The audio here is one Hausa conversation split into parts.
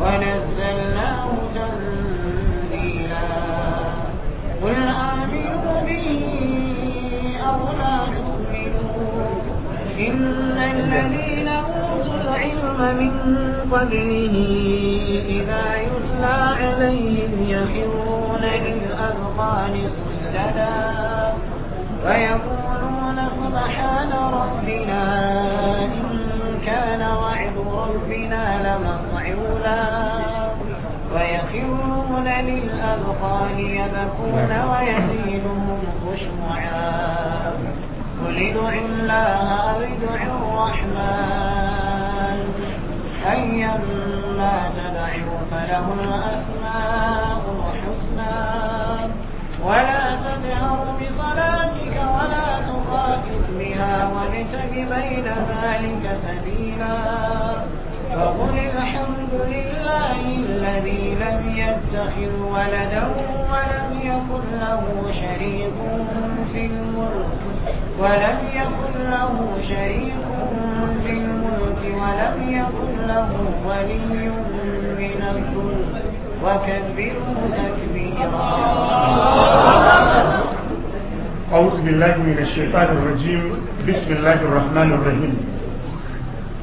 ونزلناه, تنزيلا قل آمنوا به أو لا تؤمنوا إن الذين أوتوا العلم من قبله إذا يتلى عليهم يخرون للأذقان سجدا ويقولون سبحان ربنا مصعودا ويخرون للأذقان يبكون ويزيدهم خشوعا قل ادعوا الله أو ادعوا الرحمن أيما تدعوا فله الأسماء الحسنى ولا تجهر بصلاتك ولا تخافت بها وابتغ بين ذلك سبيلا فقل الحمد لله الذي لم يتخذ ولدا ولم يكن له شريك في الملك ولم يكن له شريك في الملك ولم يكن له ولي من الذل وكبره تكبيرا أعوذ بالله من الشيطان الرجيم بسم الله الرحمن الرحيم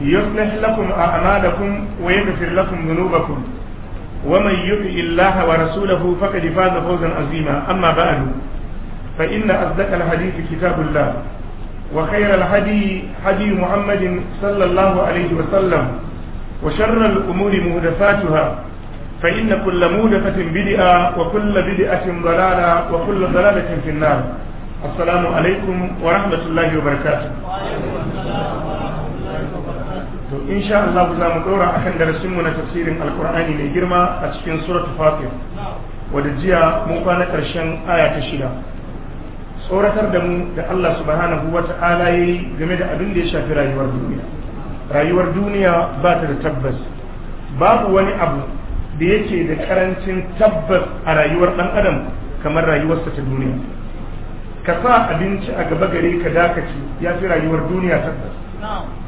يصلح لكم أعمالكم ويغفر لكم ذنوبكم ومن يطع الله ورسوله فقد فاز فوزا عظيما أما بعد فإن أصدق الحديث كتاب الله وخير الهدي هدي محمد صلى الله عليه وسلم وشر الأمور مهدفاتها فإن كل مهدفة بدعة وكل بدعة ضلالة وكل ضلالة في النار السلام عليكم ورحمة الله وبركاته وعليكم السلام to sha Allah za mu ɗora akan darasin mu na tafsirin alkur'ani mai girma a cikin suratul fatir wadda jiya mun kwana karshen aya ta shida tsoratar da mu da Allah subhanahu wa ta'ala yayi game da abin da ya shafi rayuwar duniya rayuwar duniya ba ta da tabbas babu wani abu da yake da karancin tabbas a rayuwar dan adam kamar rayuwarsa ta duniya ka sa abinci a gaba gare ka dakaci ya fi rayuwar duniya tabbas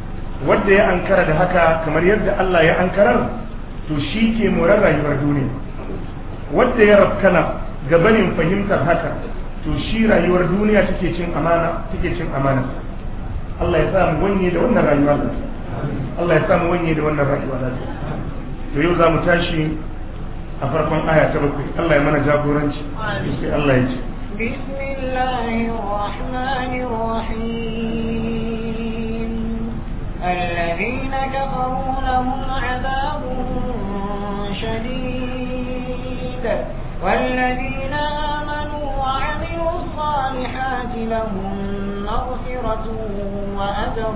Wadda ya ankara da haka kamar yadda Allah ya ankarar to shi ke morar rayuwar duniya Wadda ya rafkana gabanin fahimtar haka to shi rayuwar duniya take cin amana take cin amana Allah ya sa mu wanye da wannan rayuwa Allah ya sa mu wanye da wannan rayuwa to yau za mu tashi a farkon aya ta bakwai Allah ya mana jagoranci sai Allah ya ce بسم الله الرحمن الذين كفروا لهم عذاب شديد والذين آمنوا وعملوا الصالحات لهم مغفرة وأجر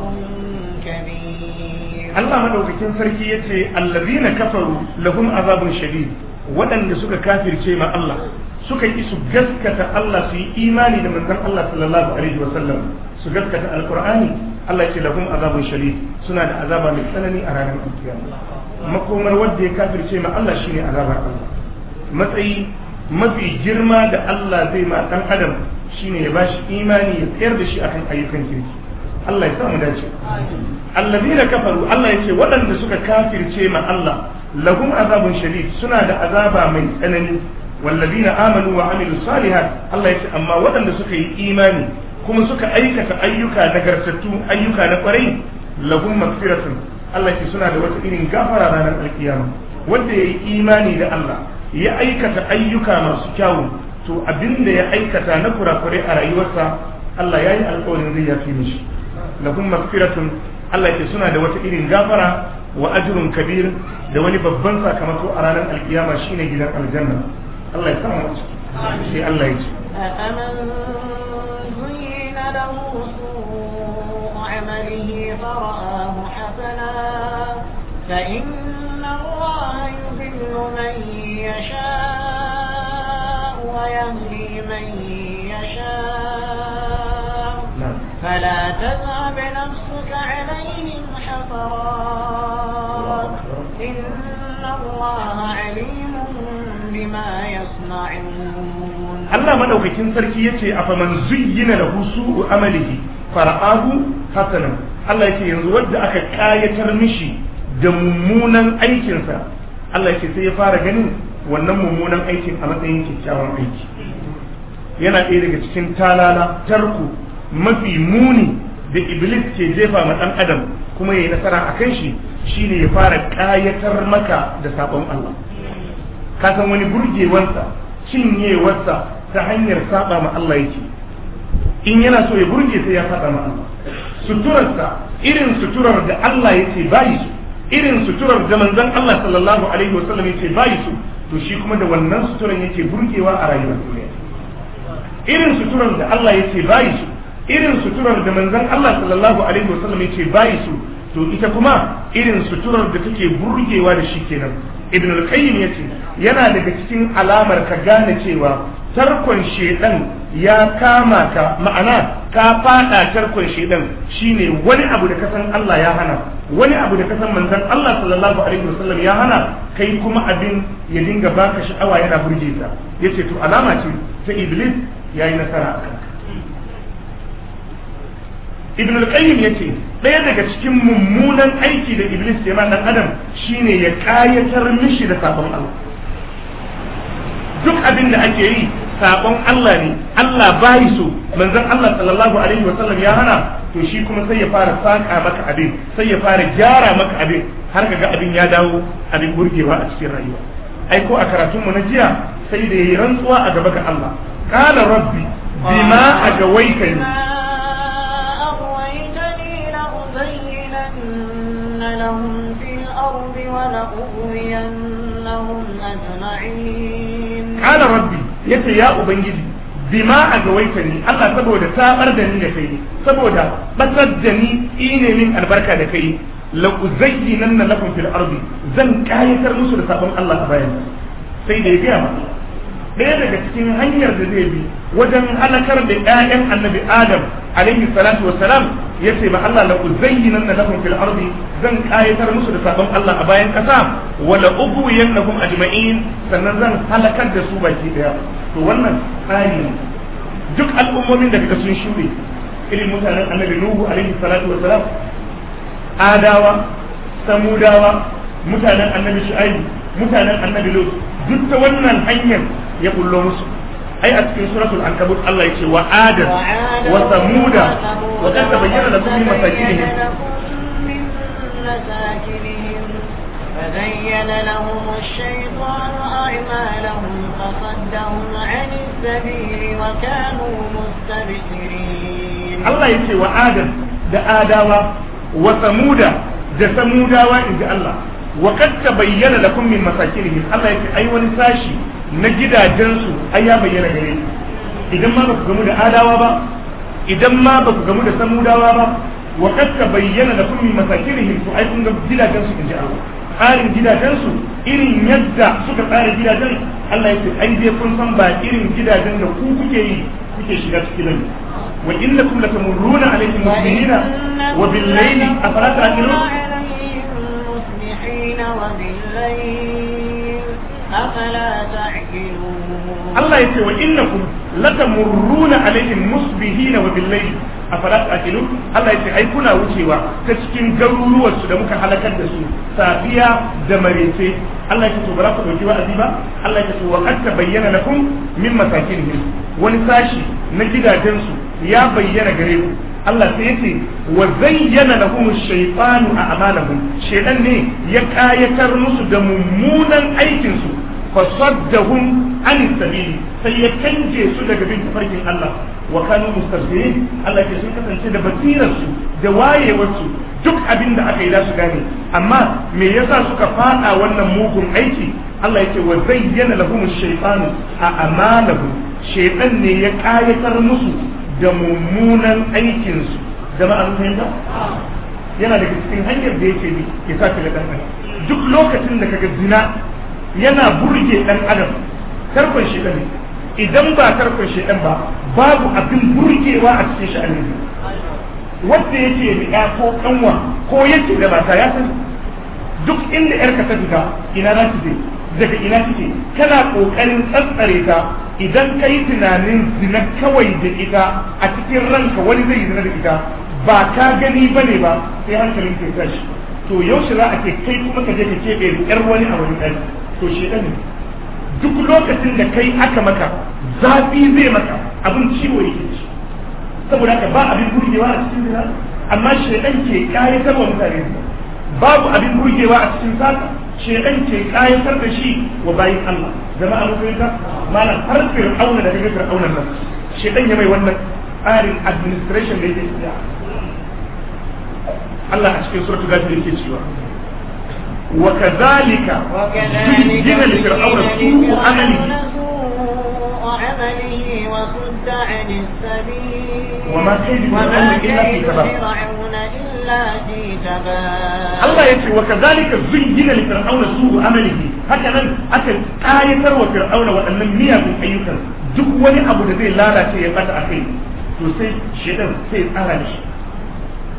كبير الله مدوكتين فركي يتي الذين كفروا لهم عذاب شديد waɗanda suka kafirce ma Allah suka yi su gaskata Allah su yi imani da manzon Allah sallallahu alaihi wasallam su gaskata alkur'ani Allah ce lahum azabun shadid suna da azaba mai tsanani a ranar alkiyama makomar wanda ya kafirce ma Allah shine azabar Allah matsayi mafi girma da Allah zai ma dan adam shine ya bashi imani ya tsayar da shi akan ayyukan kirki Allah ya samu dace allazina kafaru Allah ya ce waɗanda suka kafirce ma Allah lahum azabun shadid suna da azaba mai tsanani wallazina amanu wa amilu salihat Allah ya ce amma waɗanda suka yi imani kuma suka aikata ayyuka nagartattu ayyuka na kwarai lahum magfiratun Allah ke suna da wata irin gafara ranar alkiyama wanda ya yi imani da Allah ya aikata ayyuka masu kyawu to abin da ya aikata na kurakure a rayuwarsa Allah ya yi alkawarin zai yafi mishi lahum magfiratun Allah ke suna da wata irin gafara wa ajrun kabir da wani babban sakamako a ranar alkiyama shine gidan aljanna Allah ya sa mu ciki sai Allah ya ci. له سوء عمله فرآه حسنا فإن الله يذل من يشاء ويهدي من يشاء نعم. فلا تذهب نفسك عليهم حسرات إن الله عليم بما يصنعون Allah madaukakin sarki yace faman zuyyina lahu su'u amalihi fara'ahu hasanan Allah yake yanzu wanda aka kayatar mishi da mummunan aikinsa Allah yake sai ya fara ganin wannan mummunan aikin a matsayin kyakkyawan aiki yana ɗaya daga cikin talala tarku mafi muni da iblis ke jefa ma ɗan adam kuma yayi nasara a kan shi shine ya fara ƙayatar maka da sabon Allah ka san wani burgewansa cinyewarsa ta hanyar saba ma Allah yake in yana so ya burge sai ya saba ma Allah suturarsa irin suturar da Allah yake bayi su irin suturar da manzon Allah sallallahu alaihi wasallam yake bayi su to shi kuma da wannan suturar yake burgewa a rayuwar duniya irin suturar da Allah yake bayi su irin suturar da manzon Allah sallallahu alaihi wasallam yake bayi su to ita kuma irin suturar da take burgewa da shi kenan ibn al-qayyim yace yana daga cikin alamar ka gane cewa tarkon shedan ya kama ka ma'ana ka fada tarkon shedan shine wani abu da kasan Allah ya hana wani abu da kasan manzon Allah sallallahu alaihi wasallam ya hana kai kuma abin ya dinga baka sha'awa yana burge ta yace to alama ce ta iblis yayi nasara akan ibn al-qayyim yace ɗaya daga cikin mummunan aiki da iblis ya ma dan adam shine ya kayatar mishi da sabon Allah duk abin da ake yi sabon Allah ne Allah bai so manzon Allah sallallahu alaihi wa sallam ya hana to shi kuma sai ya fara saka maka abin sai ya fara gyara maka abin har kaga abin ya dawo abin burgewa a cikin rayuwa ai ko a mu na jiya sai da yayi rantsuwa a gaba ga Allah qala rabbi bima agawaitani لهم في الأرض ولأغوينهم أجمعين قال ربي يتي يا أبنجدي bima a gawaita ni Allah saboda taɓar da ni da kai saboda batsar da ni ine min albarka da kai la uzayyinan lakum fil ardi zan kayatar musu da sabon Allah a bayan sai da ya gaya masa ɗaya daga cikin hanyar da zai bi wajen halakar da ƴaƴan annabi adam alaihi salatu wassalam ya ce ma Allah la uzayyinan na lahum fil ardi zan kayatar musu da sabon Allah a bayan ƙasa wa la ubwiyannakum ajma'in sannan zan halakar da su baki daya to wannan tsari duk al'ummomin da kaga sun shuɗe irin mutanen annabi nuhu alaihi salatu wassalam adawa samudawa mutanen annabi shu'aibu mutanen annabi lut duk ta wannan hanyar ya bullo musu ai a cikin suratul ankabut Allah ya ce wa adam wa samuda wa kad tabayyana lakum min masakinihim فزين لهم الشيطان أعمالهم فصدهم عن السبيل وكانوا مستبصرين الله يقول وآدم ده آدم وثمود ده ثمود وإن الله wa kad tabayyana lakum min masakinihim Allah yake ai wani sashi na gidajensu ai ya bayyana gare idan ma ba ku gamu da adawa ba idan ma ba gamu da samudawa ba wa kad tabayyana lakum min masakinihim to ai kun ga gidajensu inji Allah tsarin gidajensu irin yadda suka tsara gidajen Allah yake ai dai kun san ba irin gidajen da ku kuke yi kuke shiga cikin ne wa innakum latamurruna alaihim muslimina wa bil-layli بالدين أفلا تعقلون الله يقول إنكم لتمرون عليهم مصبهين وبالليل afala Allah yace ai kuna wucewa ta cikin garuruwar da muka halakar da su safiya da marece Allah dauki wa'azi ba Allah yace to wani sashi na gidajen ya bayyana gare ku Allah sai yace wa zayyana lahum ash-shaytanu a'malahum shaytan ne ya kayatar musu da mummunan aikin su fasaddahum an sabili sai ya canje su daga bin farkin Allah wa kanu mustasbihin Allah ya sun kasance da basirar su da wayewar su duk abin da aka yi za su gane amma me yasa suka fada wannan mugun aiki Allah yake wa zayyana lahum ash-shaytanu a'malahum shaytan ne ya kayatar musu da mummunan aikinsu jama'a an fahimta yana daga cikin hanyar da yake bi ya sa ga dan adam duk lokacin da kaga zina yana burge dan adam tarkon shi ne idan ba tarkon shi ba babu abin burgewa a cikin shi annabi wanda yake ya ko kanwa ko yake da mata ya san duk inda yarka ta fita ina za ta je daga ina kike kana kokarin tsantsare ta idan ka yi tunanin zina kawai da ita a cikin ranka wani zai zina da ita ba ka gani ba ne ba sai hankalin ke tashi to yaushe za a ce kai kuma ka je ka keɓe yar wani a wani ɗari to shi ɗan duk lokacin da kai aka maka zafi zai maka abin ciwo yake ci saboda haka ba abin burgewa a cikin zina amma shi ɗan ke kayatar wa mutane babu abin burgewa a cikin sata shekan ce kayatar da shi wa bayin Allah jama'a musulunta malam har fir'auna da kaga fir'auna nan shekan ya mai wannan tsarin administration da yake tsaya Allah a cikin suratul ghafir yake cewa وكذلك وكذلك زين fir'auna سوء عمله عمله وصد عن السبيل وما كيد فرعون إلا في تباب الله يقول وكذلك زين لفرعون سوء عمله هكذا أكل آية وفرعون وأن مياه أيها duk wani abu da zai lalace ya bata a kai to sai shedan sai ya tsara mishi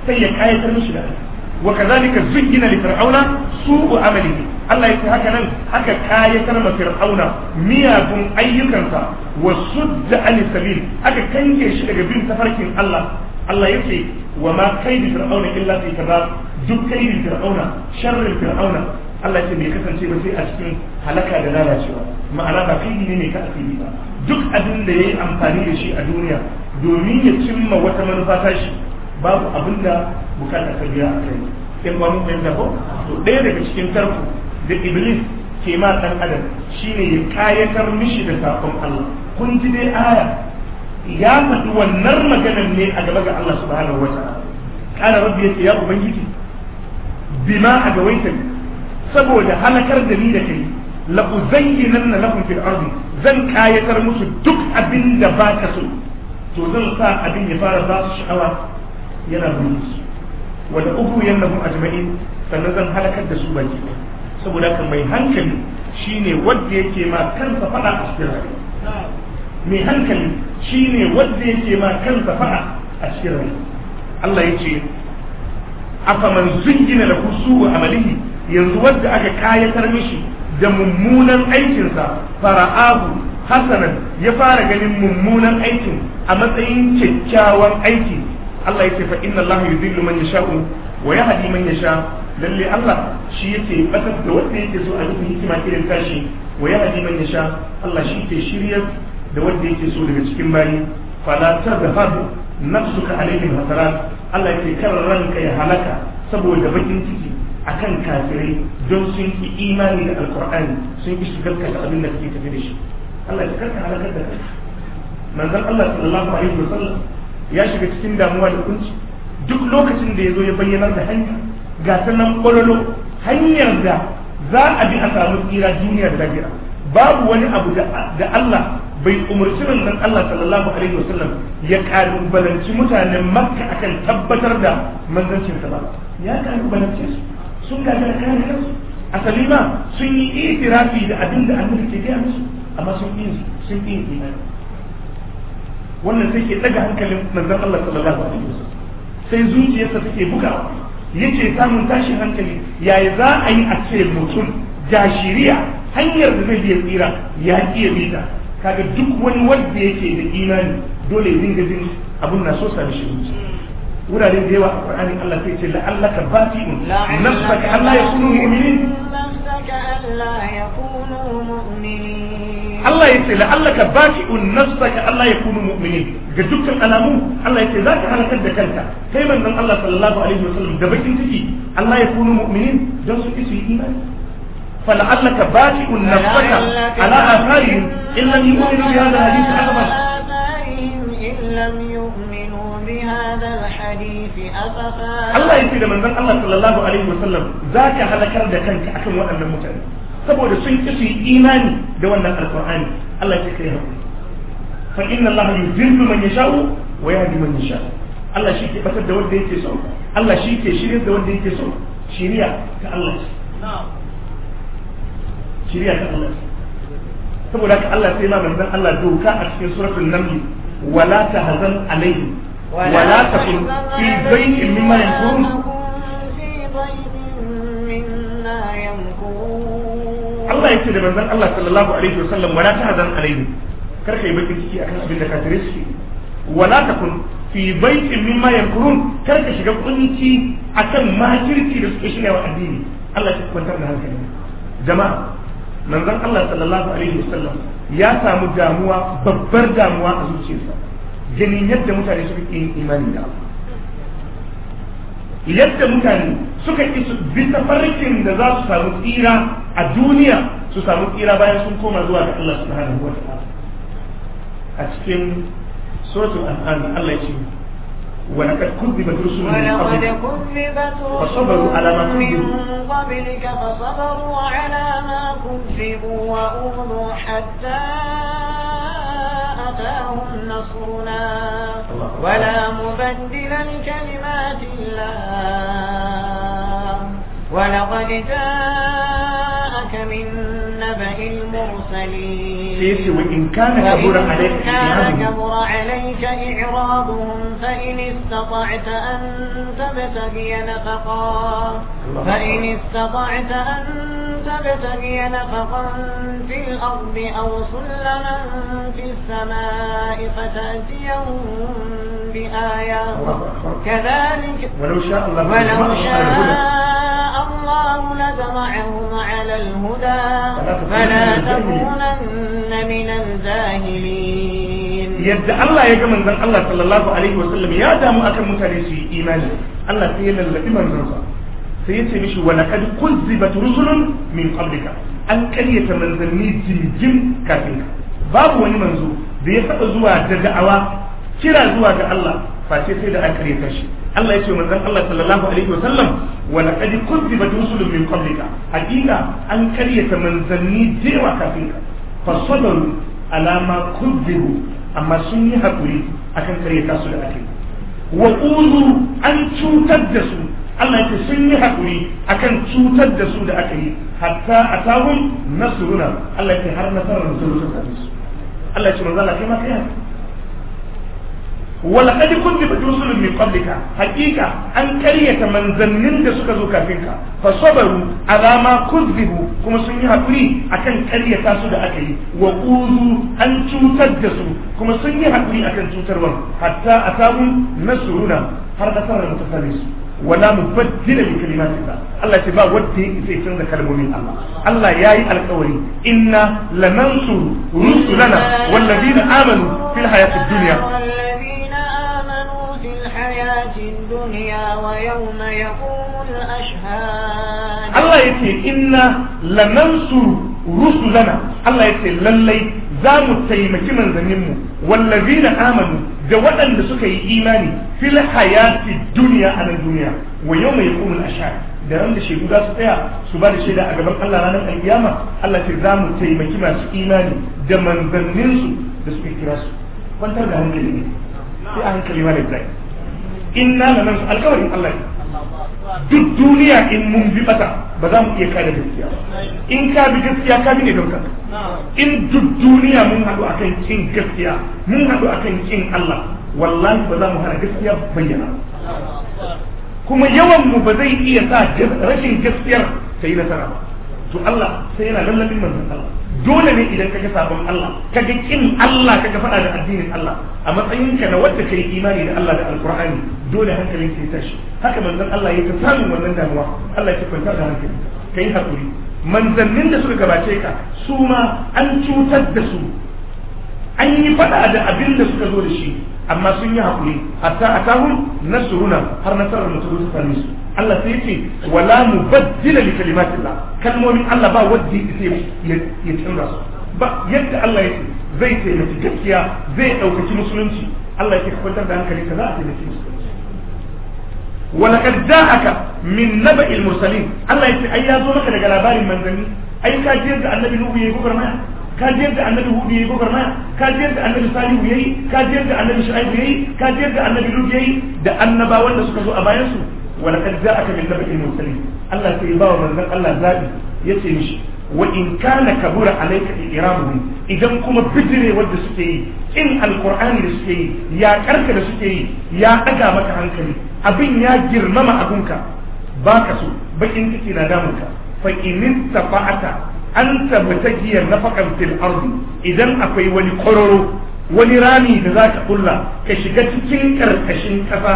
sai ya kayatar mishi da Allah wa kazalika zuyyina li fir'auna su'u amalihi Allah yake haka nan haka kayatar ma fir'auna miyagun ayyukansa wa sudda an sabil aka kange shi daga bin tafarkin Allah Allah yake wa ma kaidu fir'auna illa fi kabab duk kaidin fir'auna sharrin fir'auna Allah ce bai kasance ba sai a cikin halaka da lalacewa ma'ana ba kai ne mai ka asiri ba duk abin da ya yi amfani da shi a duniya domin ya cimma wata manufa ta shi babu abinda. bukata ta biya a kai sai ba mun fahimta ko to ɗaya daga cikin tarko da iblis ke ma ɗan adam shine ya kayatar mishi da sakon Allah kun ji dai aya ya faɗi wannan maganar ne a gaba ga Allah subhanahu wa ta'ala kana rabbi yace ya ubangiji bima a gawaita saboda halakar da ni da kai la na lakum fil ardi zan kayatar musu duk abin da baka so to zan sa abin ya fara ba su sha'awa yana gudu wala ubu yannahum ajma'in sannan zan halakar da su baki saboda kan mai hankali shine wanda yake ma kansa fada a cikin rayuwa mai hankali shine wanda yake ma kansa fada a cikin rayuwa Allah yace man zungina lahu su'u amalihi yanzu wanda aka kayatar mishi da mummunan aikinsa fara'ahu hasanan ya fara ganin mummunan aikin a matsayin kyakkyawan aiki Allah ya yake fa inna Allah yudhillu man yasha'u wa yahdi man yasha lalle Allah shi yake batar da wanda yake so a cikin hikima irin tashi wa yahdi man yasha Allah shi yake shiryar da wanda yake so daga cikin bayi fala tadhhabu nafsuka alaihim hasarat Allah yake kar ranka ya halaka saboda bakin ciki akan kafirai don sun ki imani da alqur'ani sun ki shigarka da abin da kake tafi da shi Allah ya karka halakar da kai manzon Allah sallallahu alaihi wasallam ya shiga cikin damuwa da kunci duk lokacin da ya zo ya bayyanar da hanya ga ta nan hanyar da za a bi a samu tsira duniya da lafiya babu wani abu da Allah bai umarci nan Allah sallallahu alaihi wasallam ya kalubalanci mutanen Makka akan tabbatar da manzancin sa ba ya kalubalance su sun da kan kansu asali ma sun yi itirafi da abin da annabi ke gaya musu amma sun yi sun yi imani wannan sai ke daga hankalin manzon Allah sallallahu alaihi wasallam sai zuciyarsa take buga yace samun tashin hankali yaya za a yi a ce mutum jashiriya hanyar da zai iya tsira ya iya bita kaga duk wani wanda yake da imani dole ya dinga jin abun na so sami shi wurare da yawa a Qur'ani Allah sai ce la'allaka baqi'un nafsaka Allah ya mu'minin nafsaka Allah ya mu'minin Allah ya ce la'allaka baki'un nafsaka Allah ya kunu mu'mini ga dukkan alamu Allah ya ce zaka halakar da kanka kai manzon Allah sallallahu alaihi wasallam da bakin ciki Allah ya kunu mu'minin don su isu yi imani فلعلك باكئ نفسك على آثارهم إن لم يؤمنوا بهذا الحديث أبدا إن لم يؤمنوا بهذا الحديث أبدا الله يسير من الله صلى الله عليه وسلم ذاك هلكر دكنك أكم وأن المتعلم saboda sun ki su yi imani da wannan alqur'ani Allah ya kai hakuri fa inna Allah yudillu man yasha'u wa yahdi man yasha'u Allah shi ke batar da wanda yake so Allah shi ke shirya da wanda yake so shiriya ta Allah ce shiriya ta Allah saboda haka Allah sai ma manzon Allah doka a cikin suratul naml wala tahzan alaihim ولا تكن في بيت مما ينكرون Allah ya ce da manzon Allah sallallahu alaihi wasallam wala hazan alaihi kar kai bakin ciki akan abin da ka kafirai suke wala kun fi baitin mimma yankurun kar ka shiga kunci akan makirci da suke shirya wa addini Allah ya kwantar da hankali jama'a manzon Allah sallallahu alaihi wasallam ya samu damuwa babbar damuwa a zuciyarsa ganin yadda mutane suke yin imani da Allah yadda mutane suka ki su bi tafarkin da za su samu tsira a duniya su samu tsira bayan sun koma zuwa ga Allah subhanahu wa ta'ala a cikin suratul an'am Allah ya ce wa laqad رسل rusulun min فصبروا fa sabaru ala ma فصبروا على ولا مبدل لكلمات الله ولقد جاءك من نبأ المرسلين سيسي وإن كان كبر عليك كبر عليك إعراضهم فإن استطعت أن تبتغي نفقا فإن استطعت أن تبتغي نفقا في الأرض أو سلما في السماء فتأتيهم بآية كذلك ولو شاء الله ولو شاء الله لجمعهم على الهدى فلا تكونن من الجاهلين يبدا الله يجمع من الله صلى الله عليه وسلم يا دام اكن mutane su yi imani Allah sai ya lallabi manzonsa sai ya ce mishi wa min qablika an karyata manzanni jinjin kafin babu wani manzo da ya saba zuwa da da'awa kira zuwa ga Allah face sai da an karyata shi Allah ya ce manzon Allah sallallahu alaihi wa sallam wa laqad kuzzibat rusulun min qablika hakika an karyata manzanni jewa kafin ka fasabaru ala ma kuzzibu amma sun yi hakuri akan karyata su da ake wa uzu an cutar da su Allah ya ce sun yi hakuri akan cutar da su da aka yi hatta atahum nasruna Allah ya ce har nasarar da su Allah ya ce manzon Allah kai ma kai ولقد كذبت رسل من قبلك حقيقة أن كرية من ظنن da suka zo kafin ka fa sabaru ala ma kuzibu kuma sun yi hakuri akan karyata su da aka yi wa an cutar da su kuma sun yi hakuri akan cutarwar hatta atabun nasruna har da sarar da ta su wala mubaddila bi kalimatika Allah ce ba wanda yake canza kalmomin Allah Allah yayi alƙawari inna lanansuru rusulana wal amanu fil hayatid duniya. Allah ya ce inna lannan su rusu lana Allah ya ce lallai zamu taimaki manzaninmu wallafi na amanu da waɗanda suka yi imani fil hayati duniya a nan duniya wa yau mai kunun ashar da ran da shaidu za su tsaya su ba da shaida a gaban Allah ranar alkiyama Allah ce za taimaki masu imani da manzanninsu da suka kira su kwantar da hankali a hankali mara ibrahim inna la nan alƙawarin Allah duk duniya in mun bi bata ba za mu iya kare gaskiya in ka bi gaskiya ka bi ne dauka in duk duniya mun hadu akan cin gaskiya mun haɗu akan cin Allah wallahi ba za mu hana gaskiya bayyana kuma yawan mu ba zai iya sa rashin gaskiyar ta yi nasara ba to Allah sai yana lallabin manzon Allah dole ne idan ga sabon Allah kaga kin Allah kaga faɗa da addinin Allah a matsayin ka na wanda kai imani da Allah da alkur'ani, dole hankalin ka ya tashi haka manzon Allah ya ta samu wannan damuwa Allah ya kwanta da hankali kai hakuri manzannin da suka gabace ka su ma an cutar da su an yi fada da abin da suka zo da shi amma sun yi hakuri hatta atahum nasruna har nasarar mu zo ta same su Allah sai yace wala mubaddila li kalimatillah kalmomin Allah ba wadda yake ya canza su ba yadda Allah yake zai taimaki gaskiya zai ɗaukaci musulunci Allah yake kwantar da hankali ka za a taimaki musulunci wala min ولقد جاءك من نبأ المرسلين الله يتي أي يازو labarin لغا لاباري ka أي كاجير دا النبي نوبي يقول ما ka ji yadda annabi hudu yayi gwagwarmaya ka ji annabi salihu yayi ka ji annabi shu'aibu yayi ka ji annabi lut yayi da annabawan da suka zo a bayan su wala kad ja'aka min nabiyyin mursalin Allah sai ya ba wa manzon Allah zabi yace mishi wa in kana kabura alayka iramuhum idan kuma bijire wanda suke yi in alqur'ani da suke yi ya karka da suke yi ya daga maka hankali abin ya girmama abunka baka so bakin ciki na damunka fa in tafa'ata an tabbatakiyar nafaqan fil ardi idan akwai wani kororo wani rami da za ka kulla ka shiga cikin karkashin kasa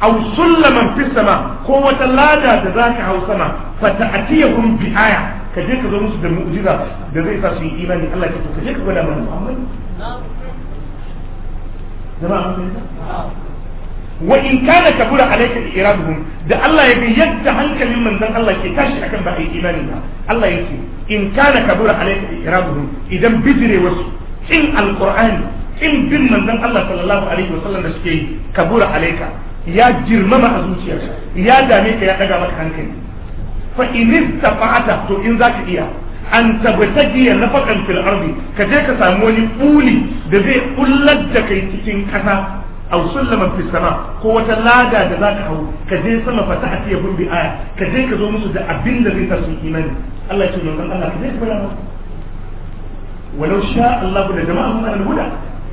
aw sullaman fis sama ko wata lada da za ka hau sama fa ta'tiyahum bi aya ka je ka zo musu da mu'jiza da zai sa su yi imani Allah ya ka je ka gwada mana Muhammad jama'a wa in kana kabura alayka iraduhum da Allah ya bi yadda hankalin manzon Allah ke tashi akan ba ai imani ba Allah yake in kana kabura alayka ikramuhum idan bijire wasu in alqur'ani in bin manzon Allah sallallahu alaihi da suke yi kabura alayka ya girmama a zuciyarsa ya dame ka ya daga maka hankali fa in istafa'ata to in zaka iya an tabtaji nafakan fil ardi ka je ka samu wani kuli da zai kullar da kai cikin kasa aw sullaman fi sama ko wata lada da zaka hau ka je sama fa ta atiya bi aya ka je ka zo musu da abin da zai tasu imani Allah ya ce manzon Allah ka je ka bada musu walau sha Allah da jama'a mun al-huda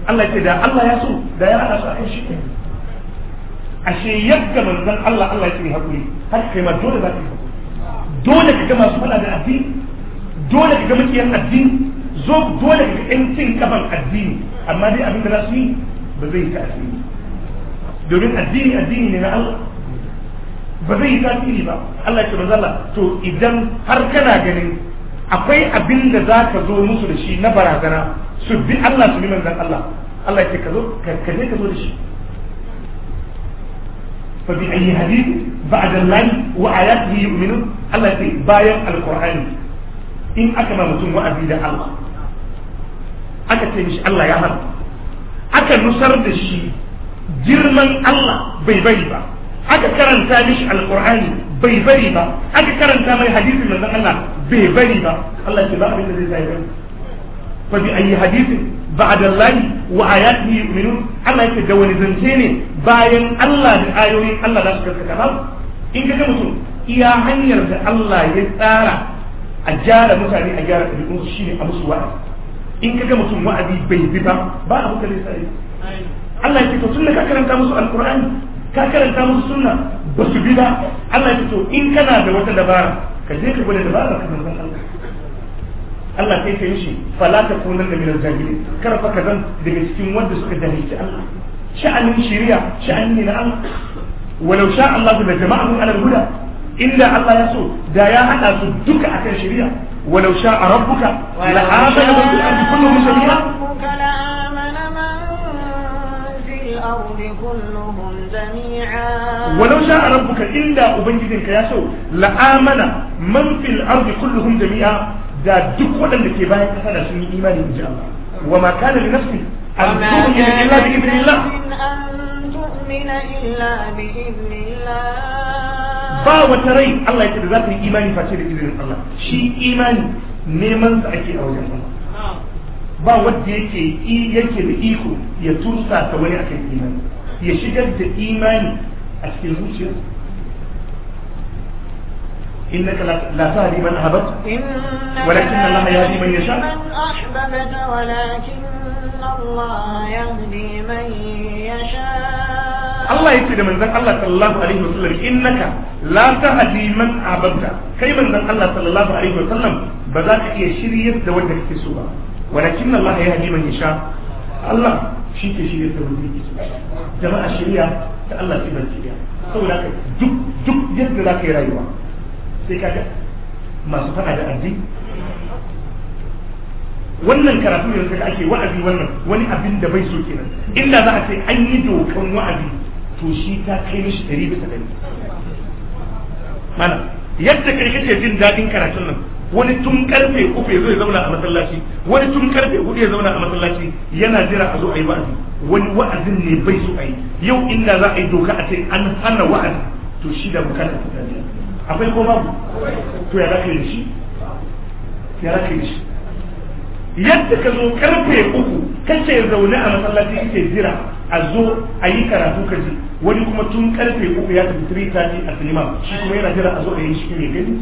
Allah ya ce da Allah ya so da ya hada su akan shi ashe yadda manzon Allah Allah ya ce hakuri har kai ma dole za ka yi hakuri dole ka ga masu fada da addini dole ka ga makiyan addini zo dole ka ga 'yancin kafan addini amma dai abin da za su yi ba zai tasiri domin addini addini ne na Allah ba zai tasiri ba Allah ce bazala to idan har kana ganin akwai abin da za ka zo musu da shi na barazana su bi Allah su bi manzan Allah Allah ce ka zo da shi fa bi ayi hadith Allah wa ayatihi yu'minun Allah ce in aka ba mutum wa'azi da Allah aka ce mishi Allah ya hana aka nusar da shi girman Allah bai bari ba aka karanta mishi alkur'ani bai bari ba aka karanta mai hadisi manzon Allah bai bari ba Allah ce ba abin da zai sai bari fa bi ayi hadisin ba'da wa ayatihi yu'minun Allah yake da wani zance ne bayan Allah da ayoyin Allah za su gaskata ba in ka ga mutum iya hanyar da Allah ya tsara a gyara mutane a gyara ɗabi'unsu ne a musu wa'azi in ka kaga mutum wa'azi bai bi ba ba abu ka lissa Allah ya ce to ka karanta musu alqur'ani ka karanta musu sunna ba su bi ba Allah ya ce to in kana da wata dabara ka je ka gwada dabara ka manzon Allah Allah sai ka yi shi fala ta kunan da minar jahili kar fa ka zan daga cikin wanda suka jahilci Allah sha'anin shari'a sha'anin ne na Allah walau sha Allah da jama'ahum ala huda inda Allah ya so da ya hada su duka akan shari'a ولو شاء ربك لآمن من في الأرض كلهم جميعا ولو شاء ربك إلا أبنجدك يا لآمن من في الأرض كلهم جميعا da duk waɗanda ke bayan ƙasa da sun yi imani in wa ma kana li nafsi an tu'mina illa bi idnillah an ba wata rai Allah yake da za ta yi imani face da izinin Allah shi imani neman sa ake a wajen Allah ba wanda yake yake da iko ya tursa ta wani akan imani ya shigar da imani a cikin zuciyarsa إنك لا تهدي من أحببت ولكن الله يهدي من يشاء من أحببت ولكن الله يهدي من يشاء Allah ya yake da manzon Allah sallallahu alaihi wasallam innaka la tahdi man ababta kai manzon Allah sallallahu alaihi wasallam ba za ka iya shiryar da wanda kake so ba walakin Allah ya hadi man yasha Allah shi ke shiryar da wanda yake so jama'a shiriya ta Allah ce ban shiriya saboda haka duk duk yadda za ka yi rayuwa sai ka ga masu fada da addini wannan karatu yanzu da ake wa'azi wannan wani abin da bai so kenan inda za a ce an yi dokan wa'azi to shi ta kai mishi ɗari bisa ɗari mana yadda kai kake jin daɗin karatun nan wani tun karfe uku ya zo ya zauna a masallaci wani tun karfe hudu ya zauna a masallaci yana jira a zo a yi wa'azi wani wa'azin ne bai so a yi yau inda za a yi doka a ce an hana wa'azi to shi da bukatar ta akwai ko babu to ya za ka yi shi ya za shi yadda ka zo karfe uku kace zaune a masallaci kake jira a zo a yi karatu ka ji wani kuma tun karfe uku ya tafi 3:30 a sinima shi kuma yana jira a zo a yi shi ne gani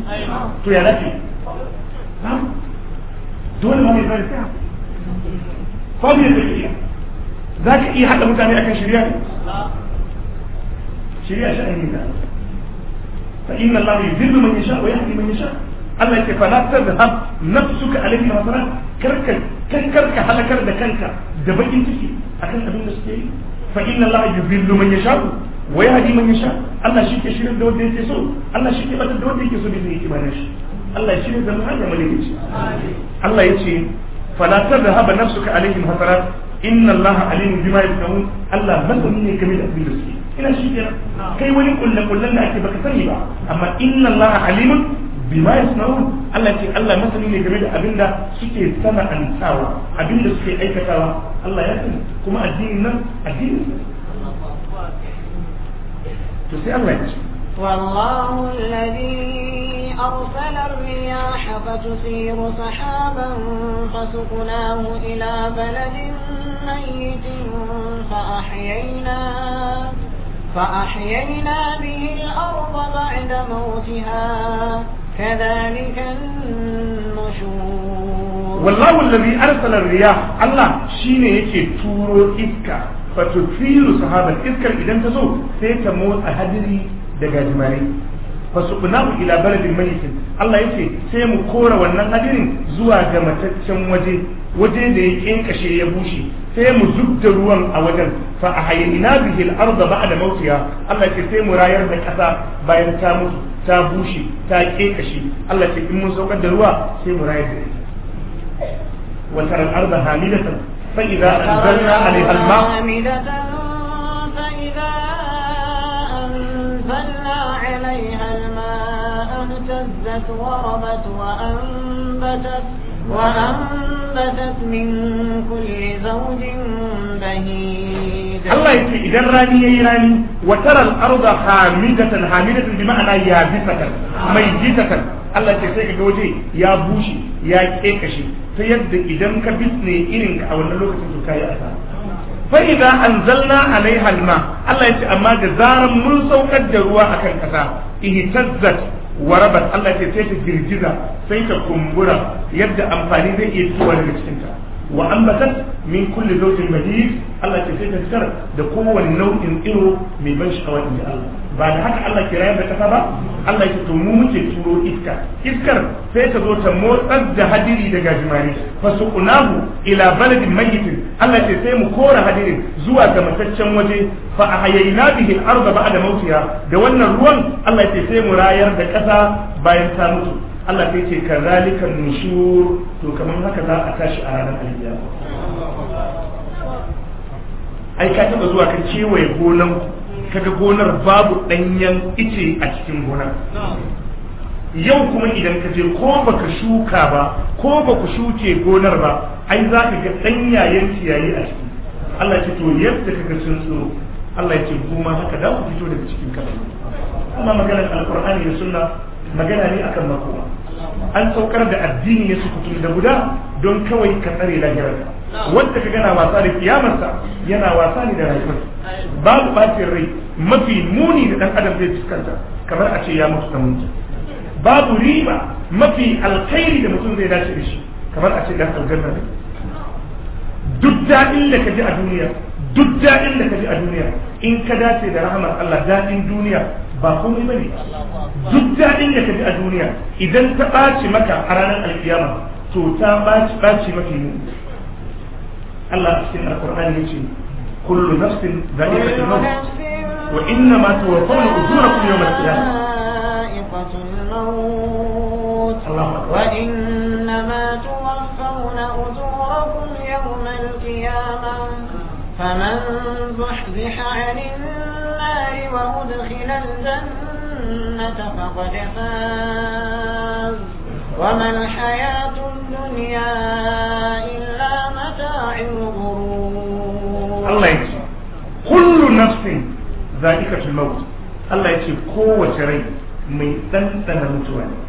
to ya dace dole ma ne zai tsaya ko me zai iya za ka iya haɗa mutane akan shirya ne shirya sha'ani da fa inna Allah yuzillu man yasha wa yahdi man yasha Allah ya ce fa la tadhhab ka alayhi masara karka kankar ka halakar da kanka da bakin ciki akan abin da suke yi fa inna Allah yudhillu man yasha wa yahdi man yasha Allah shi ke shirin da wanda yake so Allah shi ke bada da wanda yake so bai yake bana shi Allah ya shirin da mu hanya mana yake Allah ya ce fa la tadhhab ka alayhi masara inna Allah alimun bima yasnaun Allah masani ne kamar abin da suke ina shi kenan kai wani kullu kullun da ake baka sani ba amma inna Allah alimun bima yasnaun Allah ce Allah masani ne game da abinda suke sana'antawa abinda suke aikatawa Allah ya sani kuma addinin nan addinin to sai Allah ya ce والله الذي أرسل الرياح فتثير سحابا فسقناه إلى بلد ميت فأحيينا فأحيينا به الأرض بعد موتها كذلك النشور والله الذي أرسل الرياح الله شيني iskar idan إسكا فتثير صحابة إسكا إذا تزو سيتموت أهدري دقاجمالي fasuqnahu ila baladin malikin Allah yace sai mu kora wannan hadirin zuwa ga mataccen waje waje da ya kinkashe ya bushe sai mu duk da ruwan a wajen fa ahayna bihi al-ardha ba'da mawtiha Allah yace sai mu rayar da ƙasa bayan ta mutu ta bushe ta kekashe Allah ce in mun saukar da ruwa sai mu rayar da ita wa taral arda hamidatan fa idza anzalna alaiha alma fa idza anzalna alaiha alma اهتزت وربت وأنبتت وأنبتت min كل زوج بهيج Allah ce idan rani yayi rani wa taral arda hamidatan hamidatan bi ma'ana ya bisatan mai jitatan Allah ce sai kaga waje ya bushe ya kekashe ta yadda idan ka bisne irin ka a wannan lokacin to kai asa fa idza anzalna alaiha alma Allah ce amma da zaran mun saukar da ruwa akan kasa ihtazzat warabat Allah ce sai ta girgiza sai ta kumbura yadda amfani zai iya fitowa daga ta wa ambatat min kulle zawjin bahij Allah ke sai ta da kowane nau'in iro mai ban sha'awa Allah ba da haka Allah ke rayar da kasa ba Allah ke to mu muke turo iska iskar sai ta zo ta motsar da hadiri daga gajimare fa suqnahu ila baladin mayyitin Allah ke sai mu kora hadirin zuwa ga mataccen waje fa a ahyayna bihi al-ardha da mautiha da wannan ruwan Allah ke sai mu rayar da ƙasa bayan ta mutu Allah sai ce zalika nushur to kamar haka za a tashi a ranar alkiyama ai ka taba zuwa ka kewaye gonan kaga gonar babu danyen ice a cikin gonar yau kuma idan ka je ko baka shuka ba ko baka shuke gonar ba ai za ka ga danyayen ciyayi a ciki Allah ya ce to yadda kaga sun tsoro. Allah ya ce kuma haka da ku fito daga cikin kabari amma maganar alqur'ani da sunna magana ne akan makoma an saukar da addini ya suka kutu da guda don kawai ka tsare lahirarka wanda ka gana wasa da kiyamarsa yana wasa ne da rayuwar babu bacin rai mafi muni da dan adam zai fuskanta kamar a ce ya mutu ta munci babu riba mafi alkhairi da mutum zai dace da shi kamar a ce dan aljanna ne duk daɗin da ka ji a duniya duk daɗin da ka ji a duniya in ka dace da rahamar Allah daɗin duniya باقوم بني جدا إن يتبع الدنيا إذا انت باتش مكا عرانا القيامة توتا باتش باتش مكي الله سنة القرآن يجي كل نفس ذائقة الموت وإنما توفون أجوركم يوم القيامة وإنما توفون أجوركم يوم القيامة فمن زحزح عن النار وأدخل الجنة فقد فاز وما الحياة الدنيا إلا متاع الغرور الله يجي كل نفس ذائقة الموت الله يجي قوة ري من تنتنا متواني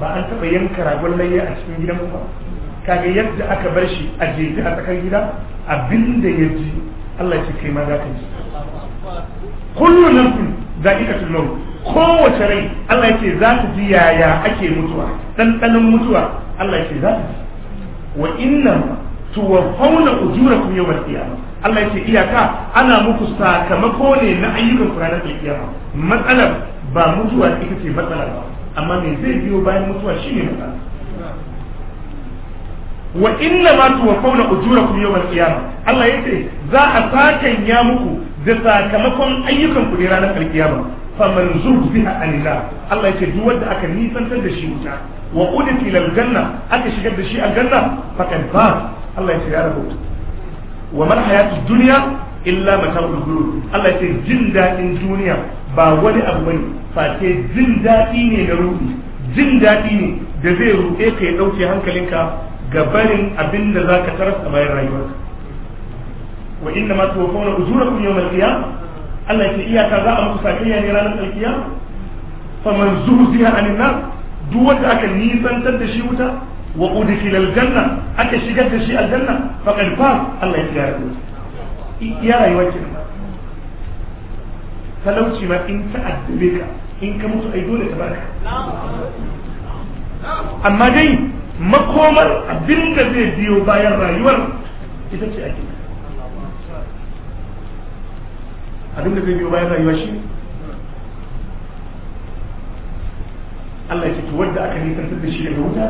ba an taɓa yanka ragon layya a cikin gidan ba kaga yadda aka bar shi a jeji a tsakar gida abinda ya ji Allah ce kai ma za ka kun za nafsin za'iqatul maut kowace rai Allah ce za ta ji yaya ake mutuwa ɗanɗanin mutuwa Allah ce za ta ji wa inna kun yau yawmal qiyamah Allah ce iyaka ana muku sakamako ne na ayyukan ku da kiyama matsalar ba mutuwa ita ce matsalar ba amma me zai biyo bayan mutuwa shine matsala wa inna ma tuwaffawna ujurakum yawmal qiyamah Allah yace za a sakan ya muku da sakamakon ayyukan ku ne ranar alkiyama faman zuhziha anila Allah yace duk wanda aka nisantar da shi wuta wa udkhila aljanna aka shigar da shi aljanna faqad faz Allah yace ya rabu wa man hayatud dunya illa mata'ul ghurur Allah yace jin dadin duniya ba wani abu bane face jin dadi ne na ruhi jin dadi ne da zai ruɗe ka ya ɗauke hankalinka ga barin abin da zaka taras a bayan rayuwarka wa inna ma tuwaffawna kun yawmal qiyamah Allah ce iyaka za a muku sakayya ne ranar alkiyama fa man zuhziha anin nar duk wanda aka nisantar da shi wuta wa udkhila aljanna aka shigar da shi aljanna faqad faz Allah ya tsaya ku ya rayuwa ki talauci ma in ta addabe ka in ka mutu ai dole ka baka amma dai makomar abin da zai biyo bayan rayuwar ita ce ake abin da zai biyo bayan rayuwa shi Allah ya ce wadda aka nisantar da shi daga wuta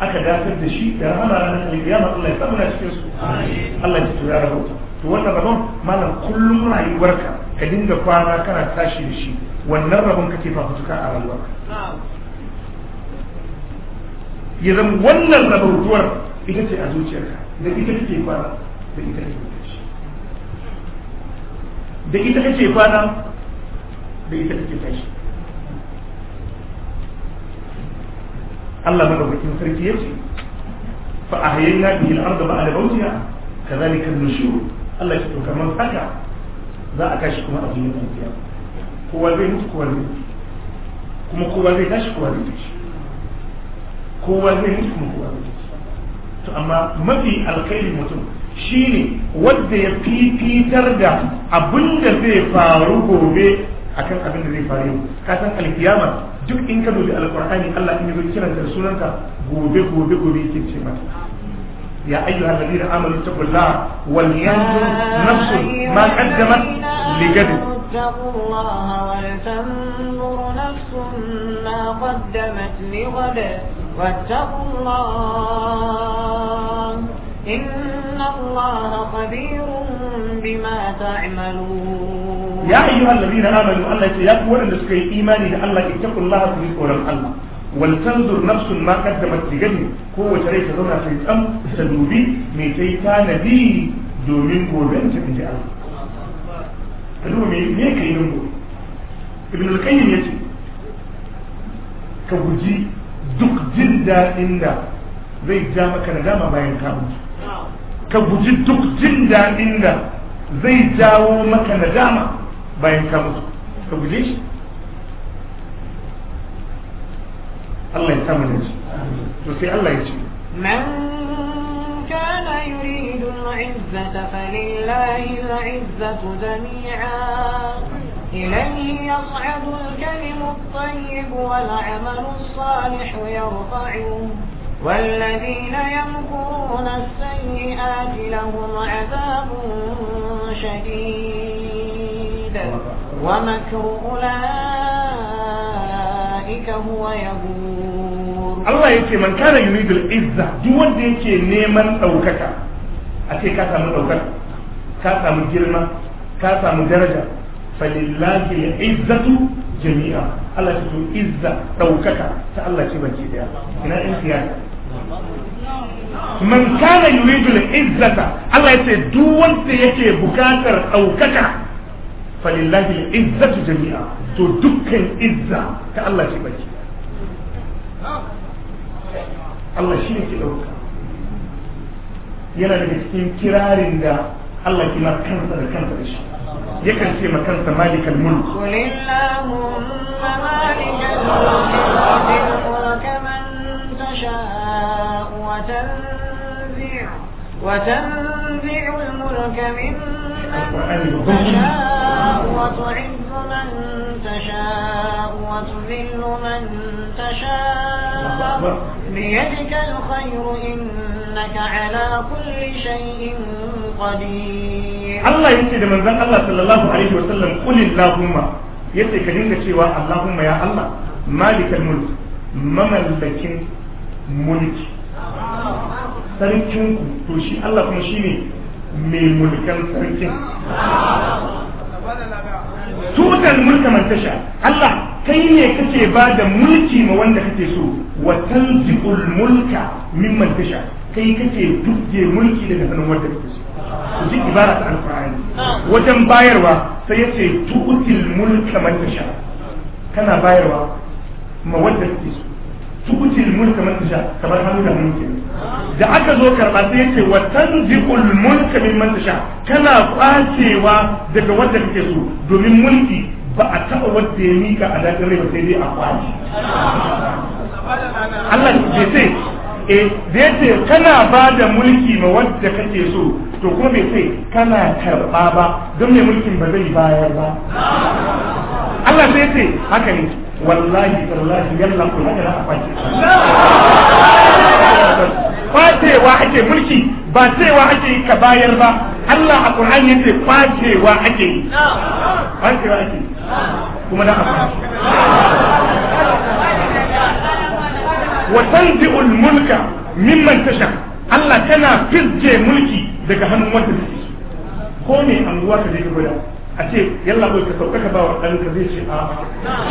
aka dasar da shi da rahama ranar alkiyama Allah ya samu na cikin su Allah ya ce ya rahota to wannan rabon malam kullum rayuwarka ka dinga kwana kana tashi da shi wannan rabon kake fafutuka a rayuwarka ya zama wannan rabautuwar ita ce a zuciyarka da ita kake fara da ita kake tashi da ita kake fara da ita kake tashi Allah madaukakin sarki ya ce fa a na ahyayna bihi al-ardha ba'da mawtiha kadhalika an-nushur Allah ya to kamar haka za a kashi kuma a filin kiyama kowa zai mutu kowa zai kuma kowa zai tashi kowa zai tashi kowa zai yi kuma kowa to amma mafi alkhairin mutum shine wanda ya fifitar da abin da zai faru gobe akan abin da zai faru yau ka san alkiyama duk in ka dubi alqur'ani Allah in yazo kiran da sunanka gobe gobe gobe yake ce mata يا أيها الذين آمنوا اتقوا الله ولينظر نفس ما قدمت لجد اتقوا الله ولتنظر نفس ما قدمت لغد واتقوا الله إن الله خبير بما تعملون يا أيها الذين آمنوا الله يتيقوا أن نسكي إيماني الله اتقوا الله في قرآن الله ولتنظر نفس ما قدمت لغد قوة ريت ذونا في الأم تدوبي ميتي كان بي دومين قوبين تبنجي الله تدوبي ميكي نمو ابن القيم يتي ka guji duk jin daɗin da zai ja maka na dama bayan ka mutu ka guji duk jin daɗin da zai jawo maka na dama bayan ka mutu ka guje shi Allah ya samu da shi to sai Allah ya ce man كان يريد العزة فلله العزة جميعا إليه يصعد الكلم الطيب والعمل الصالح يرفعه والذين يمكرون السيئات لهم عذاب شديد ومكر أولئك هو يبور Allah ya ce man kana yuridul izza duk wanda yake neman ɗaukaka a ce ka samu ɗaukaka ka samu girma ka samu daraja falillahi izzatu jami'a Allah ya ce izza ɗaukaka ta Allah ce baki daya ina in siyasa man kana yuridul izzata Allah ya ce duk wanda yake bukatar ɗaukaka falillahi izzatu jami'a to dukkan izza ta Allah ce baki Allah shi yake ɗauka yana daga cikin kirarin da Allah ke kansa da kansa da shi yakan ce ma kansa malikal mulk kulillahumma malikal mulk kaman tasha'u wa tanzi'u wa tanzi'u al-mulka mimman tasha'u wa tu'izzu تشاء وتذل من تشاء بيدك الخير إنك على كل شيء قدير الله يسيد من ذن الله صلى الله عليه وسلم قل اللهم yace ka dinga cewa Allahumma ya Allah malikal mulk mamallakin mulki sarkin to shi Allah kuma shine mai mulkan sarkin tutar mulka man tasha Allah kai ne kake ba da mulki ma wanda kake so wa tanzi'ul mulka mimman tasha kai kake dubge mulki daga sanin wanda kake so ku ji ibara ta alfahari. wajen bayarwa sai yace tu'til mulka man tasha kana bayarwa ma wanda kake so tu'til mulka man tasha kamar hannu da mulki da aka zo karɓa sai yace wa mulk min man tasha kana kwacewa daga wanda kake so domin mulki ba a taɓa wanda ya mika a dakin rai ba sai dai a kwace Allah ya ce, eh da yace kana ba da mulki ma wanda kake so to kuma bai sai kana karɓa ba don mai mulkin ba zai bayar ba Allah sai ce, haka ne wallahi tallahi yalla kula da a kwace nan kwacewa ake mulki ba cewa ake ka bayar ba Allah a Qur'an yace kwacewa ake yi kwacewa ake kuma wa mulka mimman tasha Allah tana fizge mulki daga hannun wanda take ko me anguwa ka je ka a ce yalla bai ka sauka ka ba wa ɗanka zai ce a